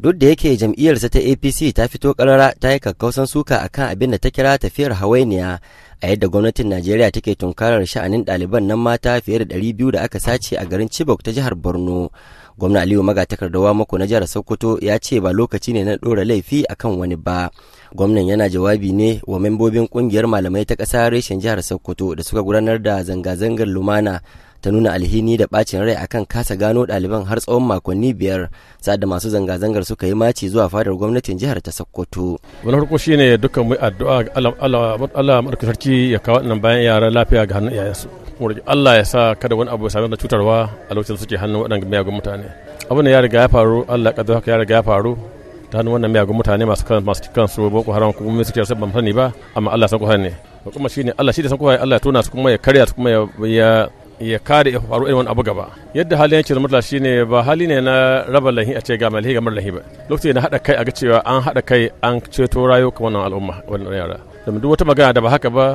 duk da yake jam'iyyarsa ta apc ta fito karara ta yi kakkausan suka a kan abin da ta kira tafiyar hawainiya a yadda gwamnatin najeriya take tunkarar sha'anin ɗaliban nan mata fiye da ɗari biyu da aka sace a garin chibok ta jihar borno gwamna aliyu magatakarda mako na jihar sokoto ya ce ba lokaci ne na ɗora laifi akan wani ba gwamnan yana jawabi ne wa membobin kungiyar malamai ta ƙasa reshen jihar sokoto da suka gudanar da zanga-zangar lumana ta nuna alhini da bacin rai akan kasa gano ɗaliban har tsawon makonni biyar sa'ad da masu zanga-zangar suka yi maci zuwa fadar gwamnatin jihar ta sokoto wani farko shine dukkan mu addu'a Allah madaukakin sarki ya kawo nan bayan yara lafiya ga hannun iyayensu Allah ya sa kada wani abu ya same da cutarwa a lokacin suke hannun waɗanda miyagun mutane abin da ya riga ya faru Allah ya haka ya riga ya faru ta hannun wannan miyagun mutane masu kan masu kan su boko haram kuma mun suke ban sani ba amma Allah san ku ne kuma shine Allah shi da san ku Allah ya tona su kuma ya karya su kuma ya ya kare ya faru irin wani abu gaba yadda halin yankin shi shine ba hali ne na raba lahi a ce ga mai ga lahi ba lokaci na hada kai a ga cewa an hada kai an ceto rayuka wannan al'umma wannan yara domin duk wata magana da ba haka ba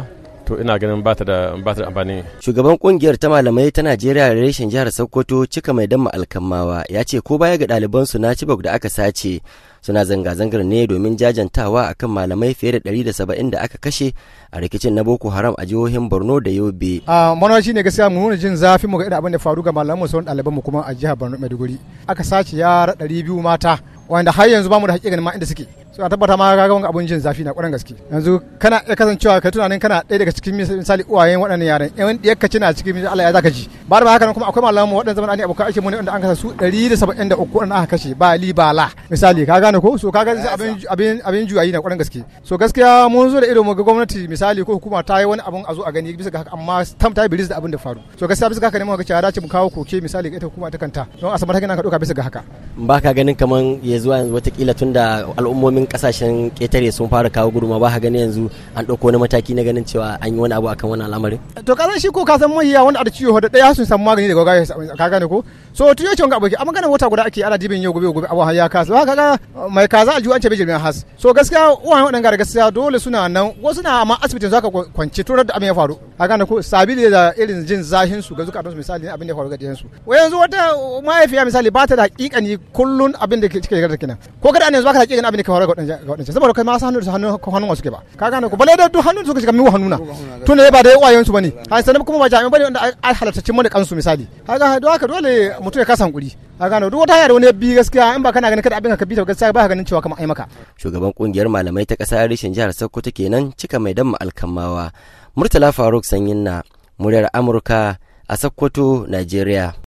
to ina ganin ba ta da ba ta da amfani shugaban kungiyar ta malamai ta Najeriya reshen jihar Sokoto cika mai damma alkammawa ya ce ko baya ga ɗaliban su na bak da aka sace suna zanga zangar ne domin jajantawa akan malamai fiye da 170 da aka kashe a rikicin na Boko Haram a jihohin Borno da Yobe a mana shine gaskiya mu nuna jin zafi mu ga irin abin da faru ga malaman mu sauran ɗaliban mu kuma a jihar Borno Maiduguri aka sace yara 200 mata wanda har yanzu ba mu da haƙiƙanin ma inda suke so a tabbata ma ga wani abun jin zafi na kwarin gaske yanzu kana ya kasancewa kai tunanin kana ɗaya daga cikin misali uwayen waɗannan yaran yan yakka cina cikin Allah ya zaka ji ba da haka kuma akwai malamu waɗanda zaman ani abokan aikin mu ne wanda an kasa su da da waɗanda aka kashe ba li ba la misali ka gane ko so kaga abin abin abin juyayi na kwarin gaske so gaskiya mun zo da ido mu ga gwamnati misali ko hukuma ta yi wani abun a zo a gani bisa ga haka amma tam ta biris da abin da faru so gaskiya bisa ga haka ne mu ga cewa dace mu kawo koke misali ga ita hukuma ta kanta don a samar ta gina ka ɗauka bisa ga haka ba ka ganin kamar ya zuwa yanzu watakila tun da al'ummomin kasashen ketare sun fara kawo guduma ba ka gani yanzu an ɗauko wani mataki na ganin cewa an yi wani abu akan wani al'amarin. to ka san shi ko ka san mahiya wani da ciwo da ɗaya sun samu magani daga gaya ka gane ko so tun yau ga aboki amma ganin wata guda ake ala dibin yau gobe gobe abu ya kasa ba kaga mai kaza aljihu an ce bai jirgin has so gaskiya uwan waɗanda gara gaskiya dole suna nan wasu na amma asibitin ka kwanci tun da abin ya faru ka gane ko sabili da irin jin zahin su ga zukatun misali abin da ya faru ga jiyansu yanzu wata mahaifiya misali ba ta da ƙiƙani kullun abin da kike garda kenan ko kada ne zuwa ka kike abin da ke faru ga wadancan saboda kai ma san hannu hannun hannun wasu ke ba ka gane ko balai da duk hannun suka shiga mu hannuna tun ne ba da wayoyin su bane ha sanan kuma ba jami'an bane wanda a halatta mu da kansu misali kaga don haka dole mutum ya kasan hankuri ka gane duk wata yare da wani bi gaskiya in ba kana ganin kada abin ka bita ta gaskiya ba ka ganin cewa kamar ai maka shugaban kungiyar malamai ta kasar reshen jihar Sokoto kenan cika mai damma alkamawa Murtala Faruk Sanyin na muryar Amurka a Sokoto, Najeriya.